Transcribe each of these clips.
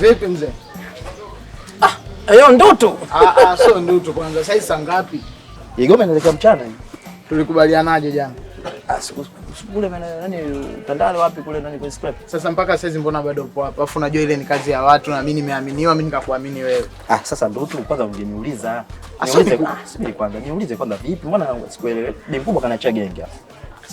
Vipi mzee? Ah, hiyo ndoto. Ah, ah, sio ndoto kwanza. Sasa saa ngapi? Igoma inaelekea mchana hivi. Tulikubalianaje jana? Ah, siku kule nani Tandale wapi kule nani kwenye scrap. Sasa mpaka saizi mbona bado upo hapa? Alafu unajua ile ni kazi ya watu na mimi nimeaminiwa, mimi nikakuamini wewe. Ah, sasa ndio tu kwanza ungeniuliza. Asante ah, kwanza, niulize kwanza vipi? Mbona sikuelewi? Ni mkubwa kanachia genge hapa.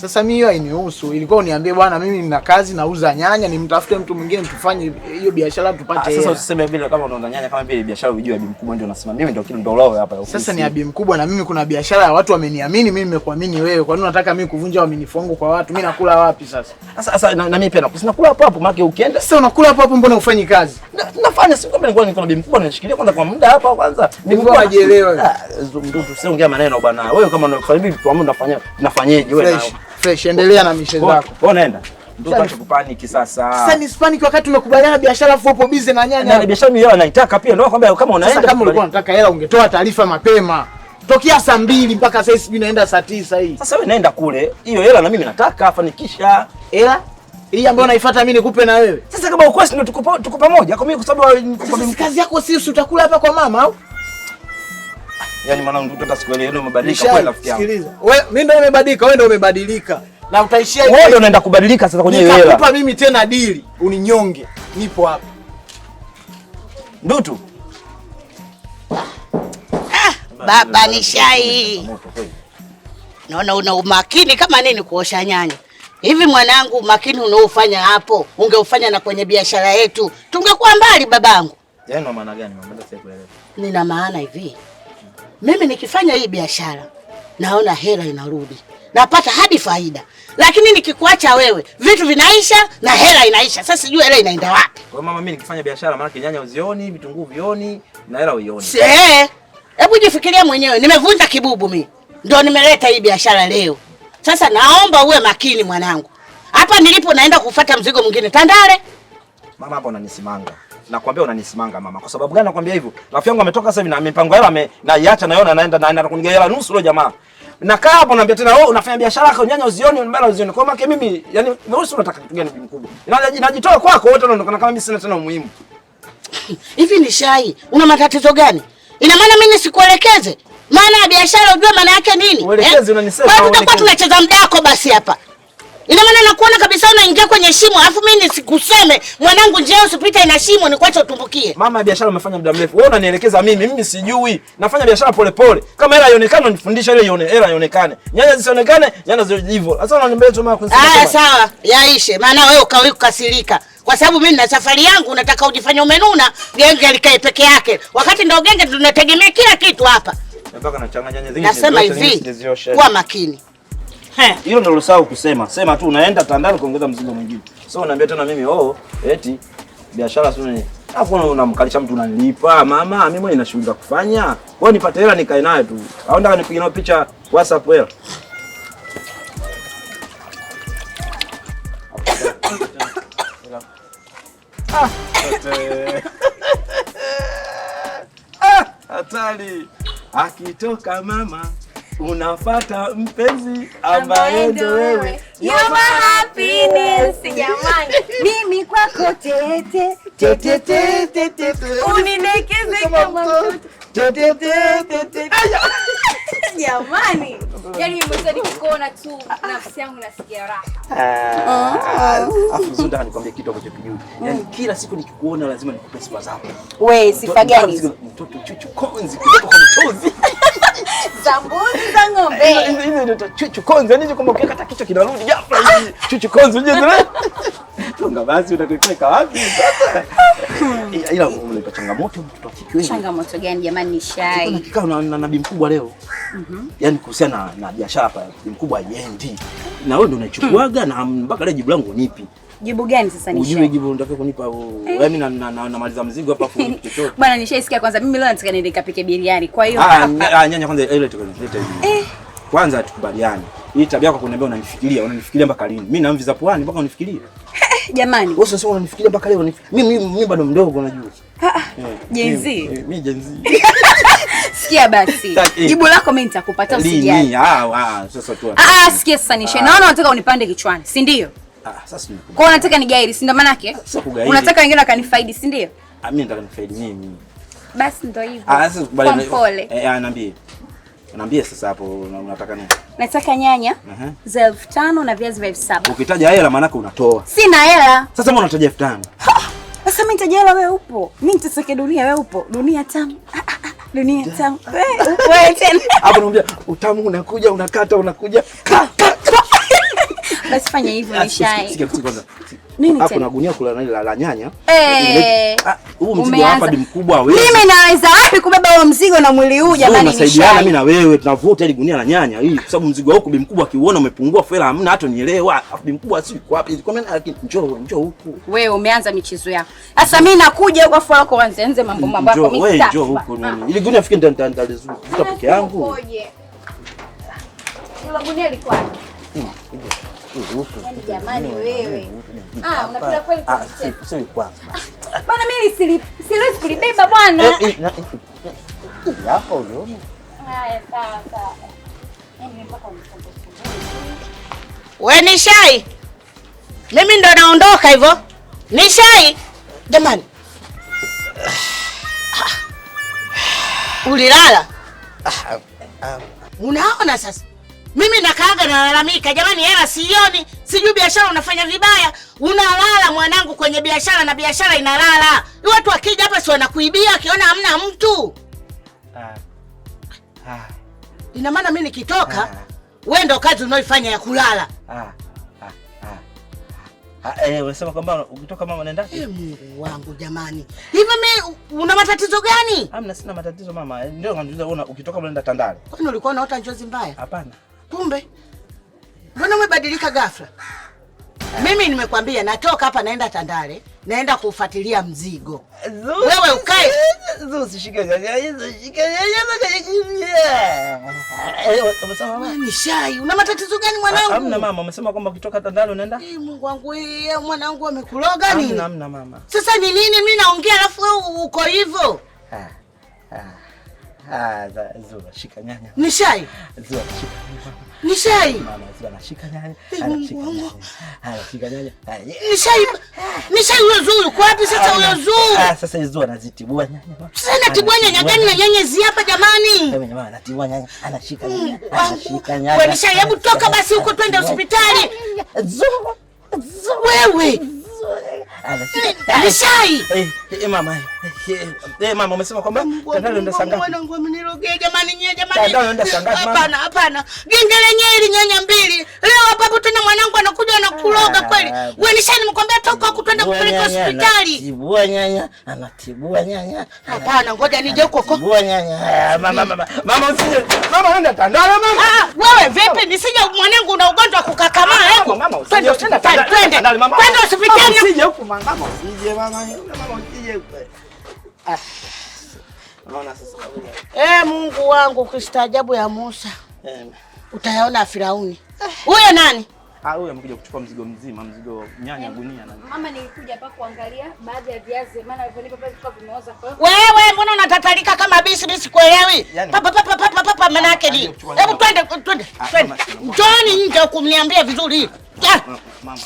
Sasa mimi hiyo hainihusu, ilikuwa uniambie bwana, mimi nina kazi nauza nyanya, nimtafute mtu mwingine tufanye hiyo biashara tupate. Ah, sasa usiseme vile kama unauza nyanya kama vile biashara unajua bibi Mkubwa ndio unasimama. Mimi ndio kile ndio lao hapa. Sasa ni bibi Mkubwa na mimi kuna biashara ya watu wameniamini mimi, nimekuamini wewe. Kwa nini unataka mimi kuvunja uaminifu wangu kwa watu? Mimi nakula wapi sasa? Sasa sasa na, na mimi pia nakula. Nakula hapo hapo maki ukienda. Sasa unakula hapo hapo mbona ufanyi kazi? Na, nafanya si kwamba nilikuwa niko na Abi Mkubwa ninashikilia kwanza kwa muda hapa kwanza. bibi Nilikuwa najielewa. Ah, Ndugu, usiongea maneno bwana. Wewe kama unafanya vitu ambavyo unafanya, nafanyeje wewe? Fresh, endelea na mishezo yako. Wewe unaenda. Ndio tutakupani yaani sasa. Sasa ni spaniki wakati tumekubaliana biashara afu upo busy na nyanya. Na yaani biashara mimi naitaka pia ndio kwamba kama unaenda. Sasa kama ulikuwa unataka hela ungetoa taarifa mapema. Tokea saa mbili mpaka sasa hivi naenda saa tisa hii. Sasa wewe naenda kule. Hiyo hela na mimi nataka afanikisha. Hela hii ambayo naifuata mimi nikupe na wewe. Sasa kama ukwesi ndio tuko pamoja kwa mimi kwa sababu kazi yako sisi utakula hapa kwa mama au? Yaani mwanangu hata ile ndio umebadilika kwa rafiki yangu. Sikiliza. Wewe mimi ndio nimebadilika, wewe ndio umebadilika. Na utaishia hivi. Wewe ndio unaenda kubadilika sasa kwenye hela. Nikupa mimi tena dili, uninyonge. Nipo hapa. Ndutu. Ah, baba ni shai. Naona una umakini kama nini kuosha nyanya. Hivi mwanangu, umakini unaofanya hapo ungeufanya na kwenye biashara yetu, tungekuwa mbali babangu. Yaani maana gani mama? Sikuelewa. Nina maana hivi mimi nikifanya hii biashara naona hela inarudi, napata hadi faida, lakini nikikuacha wewe vitu vinaisha na hela inaisha. Sasa sijui hela inaenda wapi. Kwa mama, mimi nikifanya biashara, maana kinyanya uzioni, vitunguu vioni na hela uioni. Eh, hebu jifikirie mwenyewe, nimevunja kibubu mi ndio nimeleta hii biashara leo. Sasa naomba uwe makini mwanangu, hapa nilipo naenda kufata mzigo mwingine Tandale. Mama, hapo unanisimanga nakwambia unanisimanga mama. Kwa sababu gani nakwambia hivyo? Rafiki yangu ametoka sasa hivi na mipango yao ame naiacha na yona anaenda na anakunigia hela nusu leo jamaa. Nakaa hapo naambia tena wewe oh, unafanya biashara kwa nyanya uzioni mbona uzioni. Kwa maana mimi yani nusu unataka kitu gani kikubwa? mkubwa? Najitoa kwako wote unaonekana kama mimi sina tena umuhimu. Hivi ni shai, una matatizo gani? Ina maana mimi nisikuelekeze? Maana ya biashara unajua maana yake nini? Uelekeze eh? unanisema. Kwa hiyo tutakuwa tunacheza mdako basi hapa. Ina maana nakuona kabisa unaingia kwenye shimo, alafu mimi nisikuseme mwanangu, njia usipita ina shimo, nikuache utumbukie. Mama, biashara umefanya muda mrefu. Wewe unanielekeza mimi, mimi sijui. Nafanya biashara polepole. Kama hela ionekane unifundishe ile ione hela ionekane. Nyanya zisionekane, nyanya zile hivyo. Sasa unaniambia tu mama. Ah, sawa, yaishe. Maana wewe ukawi kukasirika. Kwa sababu mimi na safari yangu nataka ujifanye umenuna, genge alikae peke yake. Wakati ndio genge tunategemea kila kitu hapa. Nataka nachanganya nyanya zingine. Nasema hivi. Kuwa makini. Hilo ndio usahau kusema. Sema tu unaenda Tandale kuongeza mzigo mwingine. Sasa unaambia tena mimi oh, eti biashara sio nini? Alafu unamkalisha mtu unanilipa. Mama, mimi mwenyewe nina shughuli za kufanya. Wewe nipate hela nikae naye tu. Au ndaka nipige nao picha WhatsApp hela. Ah, hatari. Akitoka mama unafata mpenzi ambaye ndo wewe. Yuma happiness jamani, mimi kwako tete tete tete tete, uninekeze kama mtoto tete tete tete. Jamani, yani mwisho kukuona tu nafsi yangu nasikia raha. Afu ah, ah. Zunda nikwambia kitu ambacho kijui, yani kila siku nikikuona lazima nikupe sifa zako. We sifa gani? Mtoto chuchu konzi kutoka kwa mtozi za mbuzi za ng'ombe. Chuchu konzi nje kwamba ukikata kichwa kinarudi ghafla hivi. Chuchu konzi unje ndio. Tunga basi utakipeka wapi sasa? Ila unaleta changamoto mtoto akikiwe. Changamoto gani jamani ni shai? Kuna kikao na nabii mkubwa leo. Mhm. Yaani kuhusiana na biashara hapa, nabii mkubwa haiendi. Na wewe ndio unachukuaga na mpaka leo jibu langu nipi? Jibu gani sasa nishe? ujue jibu unataka kunipa eh. yaani na, na, na, namaliza mzigo hapa afu chochote. Bwana nishaisikia kwanza mimi leo nataka niende kapike biriani. Kwa hiyo ah, ah nyanya kwanza ile eh, tukaleta hivi. Eh. Kwanza tukubaliane. Hii tabia yako kuniambia unanifikiria, unanifikiria mpaka lini? Mimi namviza puani mpaka unifikirie. Jamani. Wewe sasa unanifikiria mpaka leo unanifikiria. Mimi mimi bado mdogo najua. Ah ah. Jenzi. Eh, mimi jenzi. Sikia basi. Jibu lako mimi nitakupata usijali. Ah ah sasa tu. Ah, ah sikia sasa nishe. Ah. Naona unataka unipande kichwani, si ndio? Ah, sasa kwa unataka ni gairi, si ndo maana yake? Ah, unataka wengine wakanifaidi, si ndio? Ah, mimi nataka nifaidi mimi. Basi ndo hivyo. Ah, sasa kubali. Eh, anaambie. Ah, naambia sasa hapo unataka nini? Nataka nyanya uh -huh. za elfu tano na viazi vya elfu saba. Ukitaja hela maana yake unatoa. Sina hela. Sasa mbona unataja elfu tano? Sasa mimi nitaja hela, wewe upo. Mimi nitaseke dunia, wewe upo. Dunia tamu. Dunia tamu. Wewe upo tena. Hapo naambia utamu unakuja unakata unakuja. Ka, ka. Basi fanya hivyo kwanza. Nini hapo na gunia kula nani la nyanya? Eh. Huu mzigo hapa ni mkubwa wewe. Mimi naweza wapi kubeba huo mzigo na mwili huu jamani nishai. Tunasaidiana mimi na wewe tunavuta ile gunia la nyanya hii kwa sababu mzigo wako bi mkubwa akiuona umepungua fela hamna hata nielewa. Afu bi mkubwa si kwa wapi? Kwa nini njoo njoo huku. Wewe umeanza michezo yako. Sasa mimi nakuja huko afu wako wanze anze mambo mambo yako mimi. Wewe njoo huku mimi. Ili gunia afike ndani ndani ndani zuka peke yangu. Ile gunia liko wapi? Yaani jamani wewe, ah, unakula kweli? Ah, ah, bwana mimi siwezi kulibeba bwana. Yako eh, eh, eh, huyo. Haya, sawa sawa. We ni shai, mimi ndo naondoka hivyo. Ni shai jamani, ulilala unaona sasa mimi nakaaga nalalamika, jamani, hela sioni, sijui biashara unafanya vibaya, unalala mwanangu kwenye biashara na biashara inalala. Watu wakija hapa si wanakuibia, akiona hamna mtu. Ah. ah. Ina maana mimi nikitoka, ah. wewe ndo kazi unaoifanya ya kulala. Ah. Eh, unasema kwamba ukitoka mama unaenda? Eh, Mungu wangu jamani, hivi mimi una matatizo gani? Hamna, sina matatizo mama. Eh, ndio una ukitoka unaenda Tandale. Kwani ulikuwa unaota njozi mbaya? Hapana. Kumbe mbona umebadilika ghafla? Mimi nimekwambia natoka hapa naenda Tandale, naenda kufuatilia mzigo. Wewe ukae. Ni shai. Una matatizo gani mwanangu? Hamna mama, umesema kwamba ukitoka Tandale unaenda? Eh, Mungu wangu, ee, mwanangu amekuloga nini? Hamna mama. Sasa ni nini mimi naongea alafu uko hivyo? Ah, Zuba shika nyanya. Ni shai. Zuba shika nyanya. Ni shai. Mama Zuba shika nyanya. Haya shika nyanya. Ah, ah, ni shai. Ni shai huyo Zuba yuko wapi sasa huyo ah, Zuba? Ah, sasa Zuba anazitibua nyanya. Sasa anatibua nyanya gani na nyanya zi hapa jamani? Mimi mama anatibua nyanya, anashika hmm, nyanya. Anashika nyanya. Wewe ni shai, hebu toka basi huko twende hospitali. Zuba. Wewe. Mama, umesema kwamba jamani, nyie jamani, hapana hapana, genge lenyewe linyanya mbili Nakwambia toka huko twende kupeleka hospitali. Tibua nyanya, anatibua nyanya. Hapana, ngoja nije huko huko. Tibua nyanya. Mama mama. Mama usije. Mama nenda tandala mama. Ah, ah, Wewe vipi? Nisije mwanangu una ugonjwa kukakamaa hebu. Eh? Mama usije. Twende hospitali, twende. Twende hospitali. Usije huko mama. Mama usije mama. Mama usije huko. Ah. Unaona sasa. Eh, Mungu wangu, kistaajabu ya Musa. Amen. Eh. Utayaona Firauni. Huyo nani? Ah, wewe amekuja kuchukua mzigo mzima, mzigo nyanya yaani, gunia na. Mama nilikuja hapa kuangalia baadhi ya viazi maana hivyo alivyonipa pale kwa vimeoza kwa. Wewe mbona unatatalika kama bisi bisi kuelewi? Yaani- papa papa papa papa maana yake ni. Hebu twende twende twende. Ah, Njoni nje kumniambia vizuri. Mama.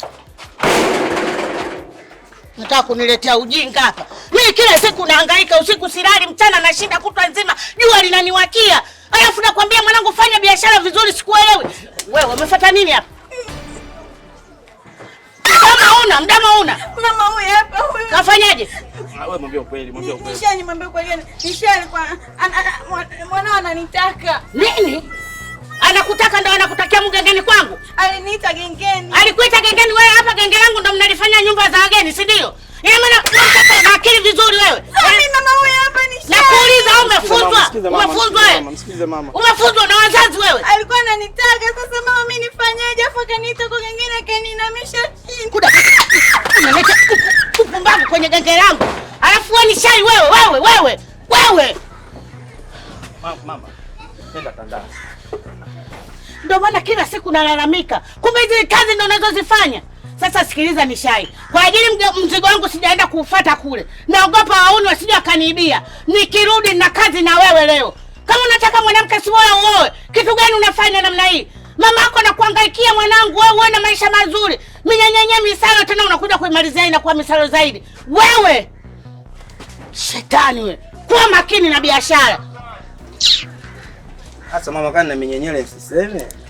Nataka kuniletea ujinga hapa. Mimi kila siku naangaika, usiku silali, mchana nashinda kutwa nzima, jua linaniwakia. Alafu nakwambia mwanangu fanya biashara vizuri sikuelewi. Wewe umefuata nini hapa? una mdama una mama huyu hapa huyu kafanyaje? Ah, wewe mwambie ukweli, mwambie ukweli. Nishani mwambie ukweli. Nishani kwa mwanao ananitaka. Nini? Anakutaka ndo anakutakia mgengeni kwangu? Aliniita gengeni. Alikuita gengeni wewe hapa genge langu ndo mnalifanya nyumba za wageni, si ndio? wewe wewe wewe. Mama, nenda tandaa. Ndio maana kila siku nalalamika, kumbe hizi kazi ndio unazozifanya. Sasa sikiliza, nishai kwa ajili mzigo wangu sijaenda kuufata kule, naogopa wauni wasije wakaniibia. Nikirudi na kazi na wewe leo. Kama unataka mwanamke si bora uoe. Kitu gani unafanya namna hii? Mama yako anakuangaikia mwanangu, wewe uwe na maisha mazuri, minyenyenye misalo tena unakuja kuimalizia inakuwa misalo zaidi wewe. Shetani we, Kuwa makini na biashara. Sasa mama, kana na minyenyele msiseme.